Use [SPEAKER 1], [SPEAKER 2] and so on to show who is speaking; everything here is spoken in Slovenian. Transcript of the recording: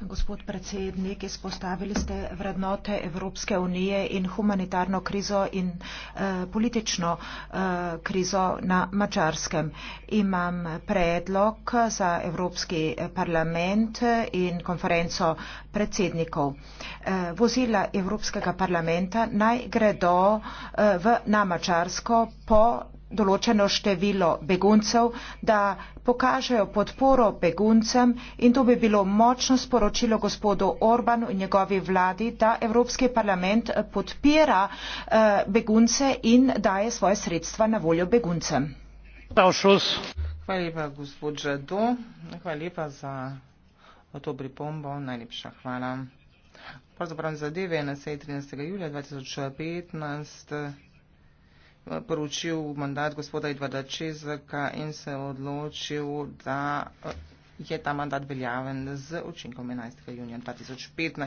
[SPEAKER 1] gospod predsednik izpostavili ste vrednote evropske unije in humanitarno krizo in eh, politično eh, krizo na madžarskem. imam predlog za evropski eh, parlament in konferenco predsednikov vozila evropskega parlamenta naj gredo v na madžarsko po tem ko bo določeno število beguncev, da pokažejo podporo beguncem in to bi bilo močno sporočilo gospodu Orbanu in njegovi vladi, da Evropski parlament eh, podpira eh, begunce in daje svoje sredstva na voljo beguncem. Hvala
[SPEAKER 2] lepa, gospod Žado. Hvala lepa za to pripombo. Najlepša hvala. Pravzaprav zadeve na sej 13. julija 2015 poročil mandat gospoda Edvarda Čezaka in se odločil, da je ta mandat veljaven z učinkom 11. junija 2015.